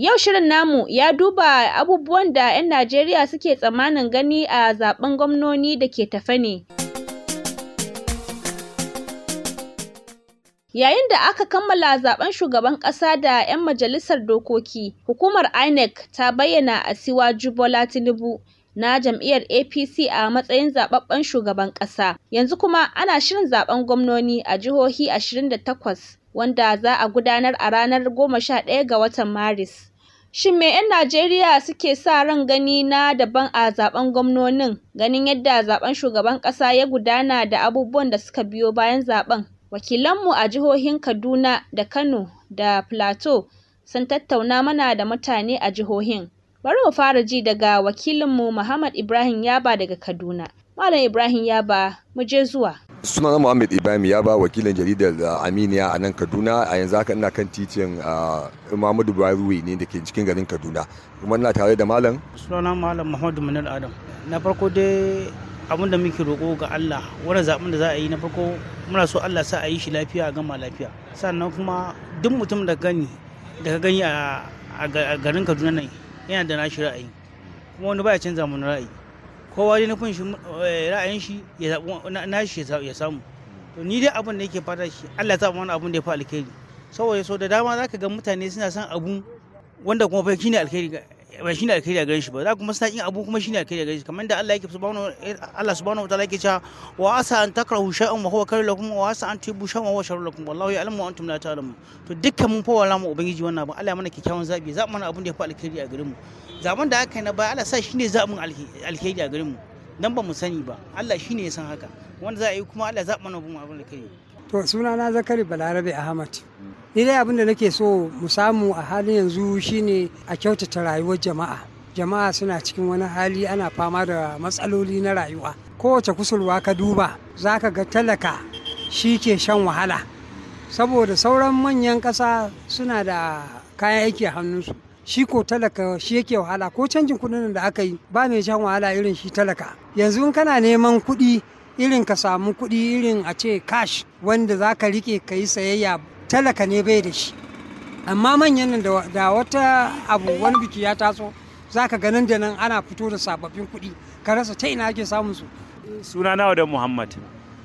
Yau shirin namu ya duba abubuwan da 'yan Najeriya suke tsammanin gani a zaben gwamnoni da ke tafe ne. Yayin da aka kammala zaben shugaban ƙasa da 'yan majalisar dokoki, hukumar INEC ta bayyana a siwa Jubola Tinubu na jam'iyyar APC a matsayin zababben shugaban ƙasa. Yanzu kuma ana shirin zaben gwamnoni a jihohi 28 wanda za a gudanar a ranar 11 ga watan Maris. Shin me ‘yan Najeriya suke sa ran gani na daban a zaɓen gwamnonin, ganin yadda zaɓen shugaban ƙasa ya gudana da abubuwan da suka biyo bayan zaɓen? Wakilanmu a jihohin Kaduna da Kano da Plateau sun tattauna mana da mutane a jihohin. Bari mu fara ji daga wakilinmu Muhammad Ibrahim Yaba daga Kaduna. Malam Ibrahim Yaba, mu je zuwa. sunana muhammad ibrahim ya ba wakilin jaridar uh, aminiya a nan kaduna a yanzu haka ina kan titin uh, muhammadu buhari ne da ke cikin garin kaduna kuma ina tare da malam sunana malam muhammadu munir adam na farko dai abin da muke roƙo ga allah wani zaɓin da za a yi na farko muna so allah sa a yi shi lafiya a gama lafiya sannan kuma duk mutum da gani da ka gani a garin kaduna nan yana da nashi ra'ayi kuma wani baya canza mun ra'ayi kowa ne nufin shi eh, ra'ayin shi ya zaɓi na shi ya samu to ni dai abin da yake fata shi Allah ya wani abin da ya fi alkhairi saboda so da dama zaka ga mutane suna son abu wanda kuma fa shine alkhairi ba shine alkhairi a gare shi ba za kuma suna yin abu kuma shine alkhairi a gare shi kamar da Allah yake subhanahu Allah subhanahu wataala yake cewa wa asa an takrahu shay'an wa huwa khairun lakum wa asa an tubu shay'an wa huwa sharrun lakum wallahu ya'lamu wa antum la ta'lamun to dukkan mun fa wala mu ubangiji wannan abun Allah ya mana kyakkyawan zabi mu mana abin da ya fi alkhairi a gare mu zaben da aka yi na baya Allah sa shine zaɓin alheri a garin mu dan ba mu sani ba Allah shine ya san haka wanda za a yi kuma Allah zaɓa mana bin abin kai to suna na zakari balarabe ahmad ni dai abin da nake so mu samu a halin yanzu shine a kyautata rayuwar jama'a jama'a suna cikin wani hali ana fama da matsaloli na rayuwa kowace kusurwa ka duba za ka ga talaka shi ke shan wahala saboda sauran manyan ƙasa suna da kayan aiki a hannunsu shi ko talaka shi yake wahala ko canjin kuɗin da aka yi ba mai shan wahala irin shi talaka yanzu in kana neman kuɗi irin ka samu kuɗi irin a ce cash wanda za ka riƙe ka yi sayayya talaka ne bai da shi amma manyan da wata abu wani biki ya taso za ka ganin da nan ana fito da sababbin kuɗi ka rasa ta ina ake samun su suna nawa da muhammad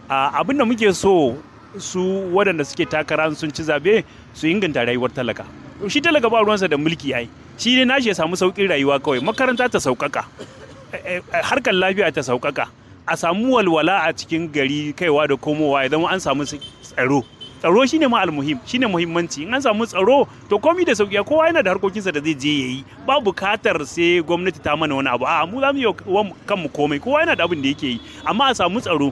abin da muke so su waɗanda suke takara sun ci zaɓe su inganta rayuwar talaka shi talaka ba ruwansa da mulki yayi shi ne nashi ya samu saukin rayuwa kawai makaranta ta sauƙaƙa eh, eh, eh, harkar lafiya ta saukaka a samu walwala a cikin gari kaiwa da komowa idan an samu tsaro tsaro shine ma almuhim shine muhimmanci in an samu tsaro to komi da sauki kowa yana da harkokinsa da zai je ya yi ba bukatar sai gwamnati ta mana wani abu a mu za mu yi kanmu komai kowa yana da abin da yake yi amma a samu tsaro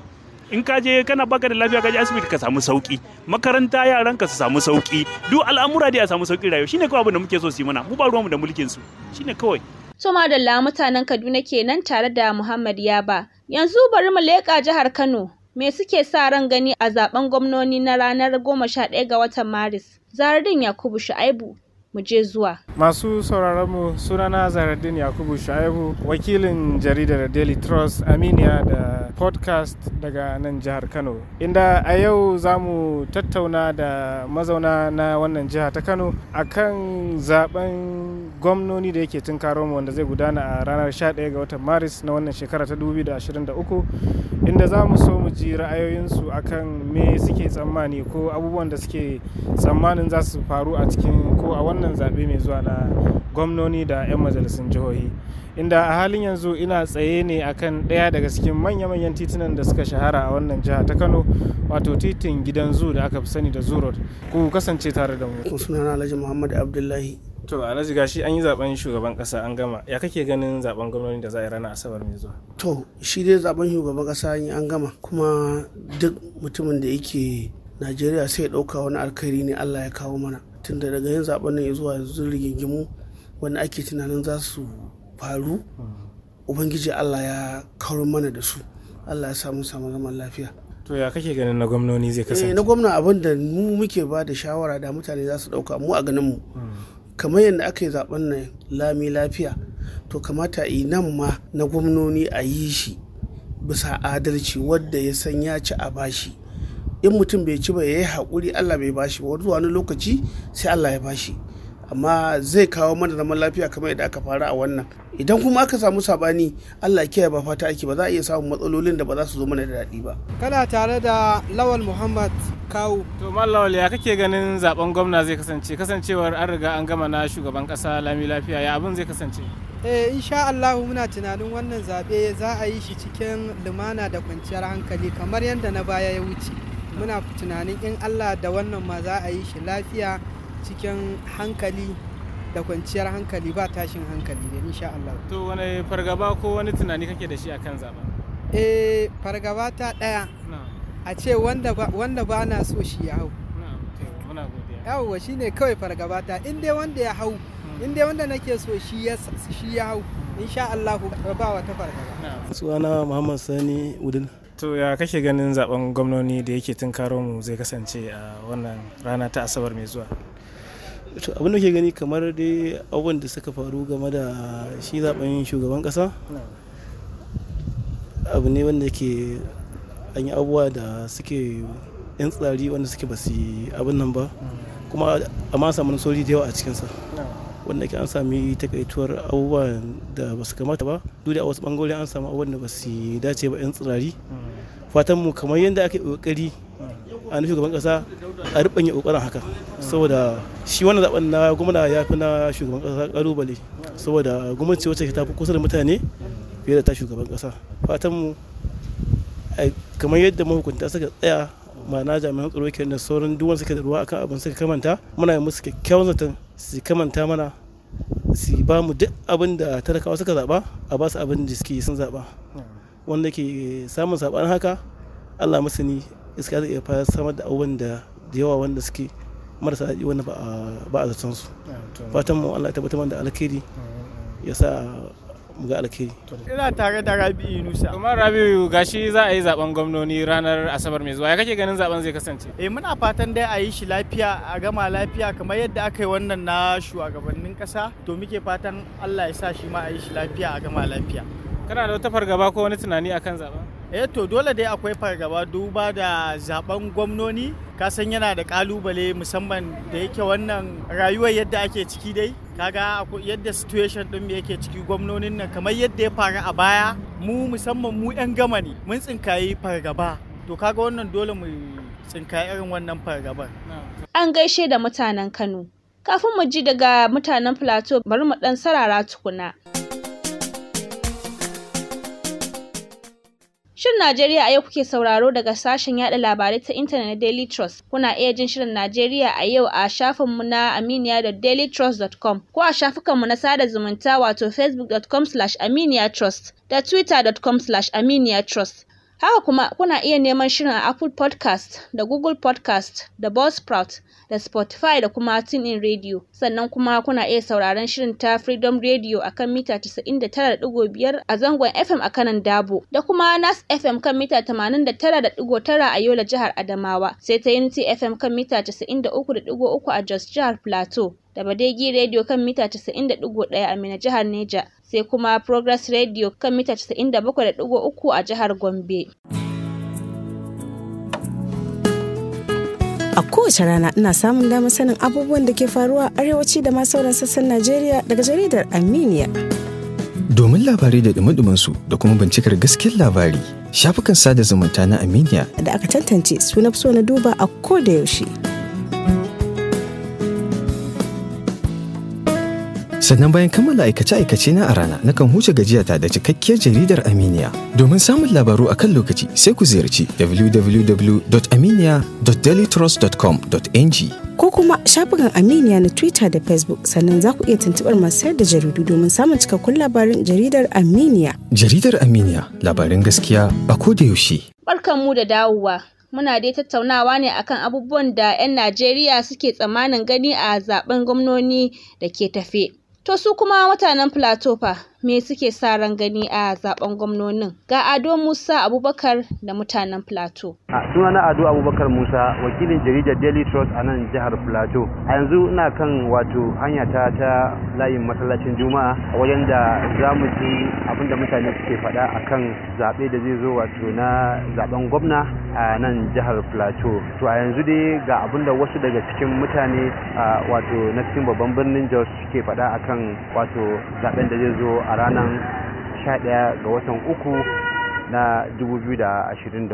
in ka je kana baka da lafiya ka je asibiti ka samu sauki makaranta yaran ka su samu sauki duk al'amura dai a samu sauki rayuwa shine kawai abin da muke so su yi mana mu ba ruwanmu da mulkin su shine kawai to madalla mutanen Kaduna kenan tare da Muhammad Yaba yanzu bari mu leƙa jihar Kano me suke sa ran gani a zaben gwamnoni na ranar 11 ga watan Maris Zaradin Yakubu Shu'aibu mu je zuwa. Masu sauraron mu sunana Zaradin Yakubu shaibu wakilin jaridar Daily Trust Aminiya da podcast daga nan jihar Kano. Inda a yau za mu tattauna da mazauna na wannan jiha ta Kano akan zaben gwamnoni da yake tunkaro mu wanda zai gudana a ranar 11 ga watan Maris na wannan shekara ta 2023 inda za mu so mu ji ra'ayoyinsu akan me suke tsammani ko abubuwan da suke tsammanin za su faru a cikin ko a wannan wannan zaɓe mai zuwa na gwamnoni da 'yan majalisun jihohi inda a halin yanzu ina tsaye ne akan daya daga cikin manya-manyan titunan da suka shahara a wannan jiha ta kano wato titin gidan zu da aka fi sani da zuro ku kasance tare da mu sunana alhaji muhammad abdullahi to alhaji gashi an yi zaben shugaban kasa an gama ya kake ganin zaben gwamnoni da za a yi ranar asabar mai zuwa to shi dai zaben shugaban kasa an gama kuma duk mutumin da yake najeriya sai ya ɗauka wani alkhairi ne allah ya kawo mana da daga yin zaben nan zuwa yanzu rigingimu wanda ake tunanin za su faru ubangiji allah ya kawar mana da su allah ya samu samu zaman lafiya to ya kake ganin na gwamnoni zai kasance eh, na gwamna abin da mu muke ba da shawara da mutane za su dauka mu a ganin mu hmm. kamar yadda aka yi zaben nan lami lafiya to kamata yi nan ma na gwamnoni a yi shi bisa adalci wadda ya san ya ci a bashi in mutum bai ci ba ya yi haƙuri Allah bai bashi ba wani wani lokaci sai Allah ya bashi amma zai kawo mana zaman lafiya kamar yadda aka fara a wannan idan kuma aka samu sabani Allah kiyaye ba fata ake ba za a iya samun matsalolin da ba za su zo mana da daɗi ba kana tare da Lawal Muhammad Kawu to Lawal ya kake ganin zaben gwamna zai kasance kasancewar an riga an gama na shugaban kasa lami lafiya ya abin zai kasance eh insha Allah muna tunanin wannan zabe za a yi shi cikin lumana da kwanciyar hankali kamar yadda na baya ya wuce muna tunanin in allah da wannan ma za a yi shi lafiya cikin hankali da kwanciyar hankali ba tashin hankali da insha allah to wani fargaba ko wani tunani kake da shi a kan zaɓen eh fargaba ta ɗaya a ce wanda ba na so shi ya hau yawwa shi ne kawai fargaba ta inda wanda ya hau hmm. Inda wanda nake so shi ya hau hmm. insha allah ba wata fargaba suna muhammad sani udin to ya kake ganin zaben gwamnoni da yake karo mu zai kasance a wannan rana ta asabar mai zuwa to abin da ke gani kamar dai abubuwan da suka faru game da shi zaben shugaban kasa abu ne wanda ke an yi abubuwa da suke yan tsari wanda suke basu abin nan ba kuma a ma samu nasori da yawa a cikinsa wanda ke an sami takaituwar abubuwan da ba su kamata ba duk da a wasu bangarorin an samu abubuwan da ba su dace ba 'yan tsirari fatan mu kamar yadda ake kokari a nufi gaban kasa a rubanya kokarin haka saboda shi wannan zaben na gwamna ya fi na shugaban kasa kalubale saboda gwamnati wacce ta fi kusa da mutane fiye da ta shugaban kasa fatan mu kamar yadda mahukunta suka tsaya ma'ana jami'an tsaro kenan sauran duwan suke da ruwa akan abin suka kamanta muna yi musu kyakkyawan zaton su kamanta mana su ba mu duk abin da talakawa suka zaba a ba su abin da suke sun zaba wanda ke samun saban haka allah masani iska zai iya fara samar da abubuwan da yawa wanda suke marasa daɗi wanda ba a zaton su fatan mu allah ya tabbatar da alkhairi ya sa mu ga alkhairi ina tare da Rabi'u kuma Umar Rabi'u gashi za a yi zaben gwamnoni ranar Asabar mai zuwa ya kake ganin zaben zai kasance eh muna fatan dai a yi shi lafiya a gama lafiya kamar yadda aka yi wannan na shugabannin kasa to muke fatan Allah ya sa shi ma a yi shi lafiya a gama lafiya kana da wata fargaba ko wani tunani akan zaben eh to dole dai akwai fargaba duba da zaben gwamnoni ka san yana da kalubale musamman da yake wannan rayuwar yadda ake ciki dai kaga yadda situation din mu yake ciki gwamnonin nan kamar yadda ya faru a baya mu musamman mu 'yan gama ne mun tsinkayi fargaba to kaga wannan dole mu tsinkayi irin wannan fargabar an gaishe da mutanen kano kafin mu ji daga mutanen plateau bari mu dan sarara tukuna. Shirin Najeriya a yau kuke sauraro daga sashen yaɗa labarai ta intanet na Daily Trust. Kuna iya jin Shirin Najeriya a yau a shafinmu na Aminiya da dailytrust.com ko a shafukanmu na sada zumunta wato facebook.com/aminiya trust da twitter.com/aminiya trust. Haka kuma kuna iya neman shirin a Apple Podcast da Google Podcast da Buzzsprout da Spotify da kuma TuneIn Radio. Sannan kuma kuna iya sauraron shirin ta Freedom Radio a kan mita 99.5 a zangon FM a kanan Dabo da kuma Nas FM kan mita 89.9 a Yola jihar Adamawa sai ta Unity FM kan mita 93.3 a Jos jihar Plateau da Badegi Radio kan mita 90.1 a Mina jihar Neja sai kuma Progress Radio kan mita 97.3 a jihar Gombe. A kowace rana ina samun damar sanin abubuwan da ke faruwa arewaci da ma sauran sassan Najeriya daga jaridar Armenia. Domin labari da dumi su da kuma bincikar gaskiyar labari, shafukan sada zumunta na Armenia da aka tantance suna na duba a kodayaushe. yaushe. Sannan bayan kammala aikace-aikace na a rana nakan huce gajiyata da cikakkiyar jaridar Aminiya. Domin samun labaru a kan lokaci sai ku ziyarci www.aminiya.dailytrust.com.ng Ko kuma shafukan Aminiya na Twitter da Facebook sannan za ku iya tuntuɓar masu sayar da jaridu domin samun cikakkun labarin jaridar Aminiya. Jaridar Aminiya labarin gaskiya a kodayaushe. yaushe. Barkan mu da dawowa. muna dai tattaunawa ne akan abubuwan da 'yan Najeriya suke tsamanin gani a zaben gwamnoni da ke tafe. To su kuma mutanen Plateau fa? me suke sa ran gani a zaben gwamnonin ga ado musa abubakar da mutanen plateau a sunana ado abubakar musa wakilin jaridar daily trust a nan jihar plateau a yanzu ina kan wato hanya ta ta layin masallacin juma'a a wajen da za mu ji abin da mutane suke faɗa kan zaɓe da zai zo wato na zaben gwamna a nan jihar plateau to a yanzu dai ga abin da wasu daga cikin mutane wato na cikin babban birnin jos suke faɗa kan wato zaɓen da zai zo a ranar 11 ga watan uku na 2023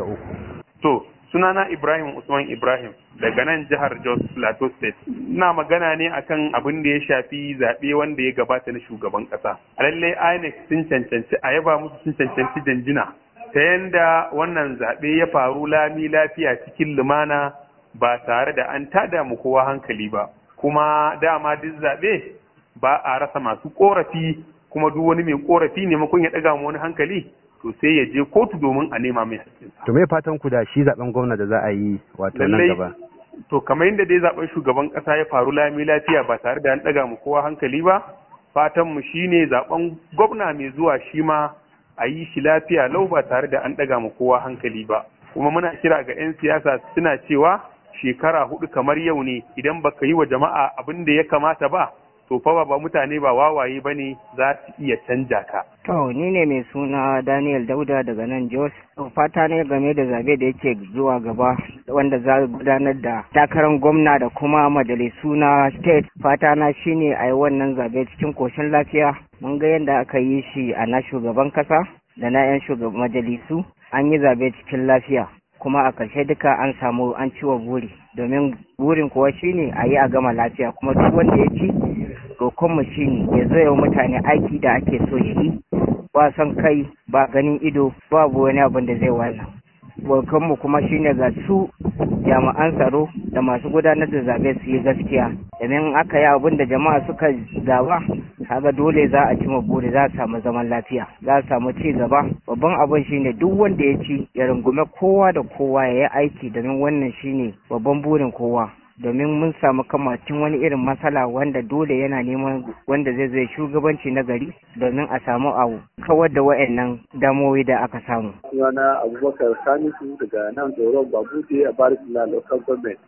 to sunana ibrahim usman ibrahim daga nan jihar jos plateau state ina magana ne akan abin da ya shafi zaɓe wanda ya gabata na shugaban ƙasa a lallai inec sun cancanci a yaba musu sun cancanci janjina ta yanda wannan zaɓe ya faru lami lafiya cikin lumana ba tare da an tada mu kowa hankali ba kuma dama duk zaɓe ba a rasa masu ƙorafi kuma duk wani mai korafi ne makon ya daga mu wani hankali to sai ya je kotu domin a nema mai haƙƙinsa. To me fatan ku da shi zaben gwamna da za a yi wato nan gaba? To kamar yadda dai zaben shugaban ƙasa ya faru lami lafiya ba tare da an ɗaga mu kowa hankali ba, fatan mu shine zaben gwamna mai zuwa shi ma a yi shi lafiya lau ba tare da an ɗaga mu kowa hankali ba. Kuma muna kira ga 'yan siyasa suna cewa shekara hudu kamar yau ne idan baka yi wa jama'a abin da ya kamata ba to ba mutane ba wawaye ba ne za su iya canja ka. To ni ne mai suna Daniel Dauda daga nan Jos. Fata ne game da zabe da yake zuwa gaba wanda za a gudanar da takarar gwamna da kuma majalisu na state. Fata na shine a yi wannan zabe cikin koshin lafiya. Mun ga yadda aka yi shi a na shugaban kasa da na 'yan shugaban majalisu an yi zabe cikin lafiya. kuma a ƙarshe duka an samu an ciwo buri domin burin kuwa shine a yi a gama lafiya kuma duk wanda ya ci dokon mashini ya zai wa mutane aiki da ake so ya yi ba son kai ba ganin ido babu wani abin da zai wani mu kuma shine ga su jami'an tsaro da masu gudanar da zaɓe su yi gaskiya domin aka yi abin da jama'a suka zaba kaga dole za a ci buri za a samu zaman lafiya za a samu ci gaba babban abin shine duk wanda ya ci ya rungume kowa da kowa ya yi aiki domin wannan shine babban burin kowa domin mun samu kama kamacin wani irin matsala wanda dole yana neman wanda zai zai shugabanci na gari domin a samu abu kawar da wa'annan damowi da aka samu. Suna Abubakar sanisu daga nan tsoron Babuji a Barisila Local Government.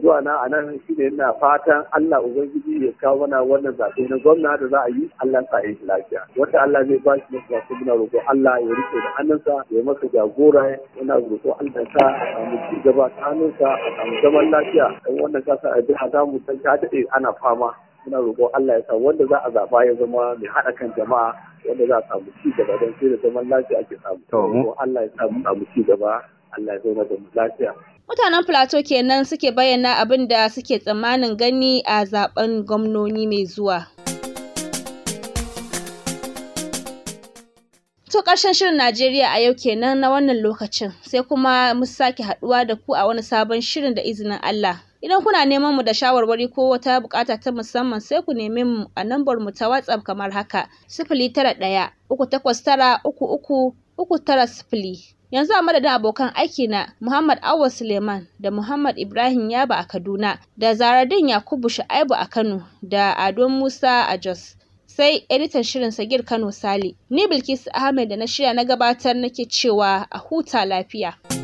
zuwa na a nan shi ne na fatan Allah Ubangiji ya kawo mana wannan zaɓe na gwamna da za a yi Allah sa yi lafiya. Wata Allah zai ba shi masu muna roƙo Allah ya rike da hannunsa ya masa jagora yana roƙo Allah sa a samu cigaba gaba ta hannunsa a samu zaman lafiya. zaɓen wannan kasa a jiha za mu ta daɗe ana fama muna roƙon Allah ya sa wanda za a zaɓa ya zama mai haɗa kan jama'a wanda za a samu ci gaba don sai da zaman lafiya ake samu. To Allah ya samu samu ci gaba Allah ya zauna da mu lafiya. Mutanen Plateau kenan suke bayyana abin da suke tsammanin gani a zaben gwamnoni mai zuwa. To ƙarshen shirin Najeriya a yau kenan na wannan lokacin sai kuma mu sake haɗuwa da ku a wani sabon shirin da izinin Allah. Idan kuna neman mu da shawarwari ko wata bukata ta musamman sai ku neme mu a nambar mu ta WhatsApp kamar haka: sifili tara ɗaya uku takwas tara uku uku uku tara sifili. Yanzu a madadin abokan aiki na Muhammad Awa Suleiman da Muhammad Ibrahim Yaba a Kaduna da Zaradin Yakubu Shu'aibu a Kano da Ado Musa a Jos. Sai editan shirin Sagir Kano Sale. Ni Bilkisu Ahmed da na shirya na gabatar nake cewa a huta lafiya.